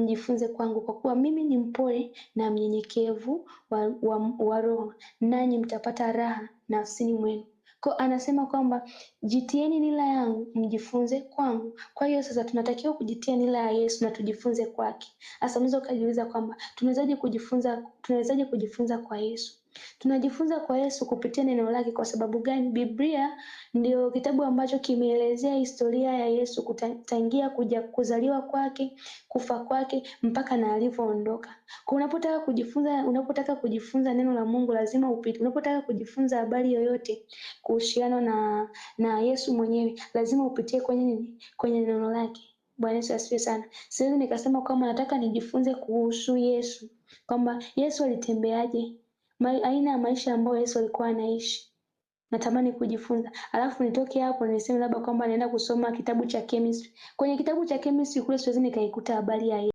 mjifunze kwangu, kwa kuwa mimi ni mpole na mnyenyekevu wa, wa, wa roho, nanyi mtapata raha nafsini mwenu. Kwa anasema kwamba jitieni nila yangu mjifunze kwangu. Kwa hiyo sasa tunatakiwa kujitia nila ya Yesu na tujifunze kwake. Sasa unaweza ukajiuliza kwamba tunawezaje kujifunza, tunawezaje kujifunza kwa Yesu? Tunajifunza kwa Yesu kupitia neno lake. Kwa sababu gani? Biblia ndio kitabu ambacho kimeelezea historia ya Yesu kutangia kuja kuzaliwa kwake, kufa kwake mpaka na alivyoondoka. Kwa unapotaka kujifunza, unapotaka kujifunza neno la Mungu lazima upite. Unapotaka kujifunza habari yoyote kuhusiana na na Yesu mwenyewe lazima upitie kwenye nini? Kwenye neno lake. Bwana Yesu asifiwe sana. Siwezi nikasema kwamba nataka nijifunze kuhusu Yesu, kwamba Yesu alitembeaje aina ya maisha ambayo Yesu alikuwa anaishi. Natamani kujifunza. Alafu nitoke hapo niseme labda kwamba naenda kusoma kitabu cha chemistry. Kwenye kitabu cha chemistry kule siwezi nikaikuta habari ya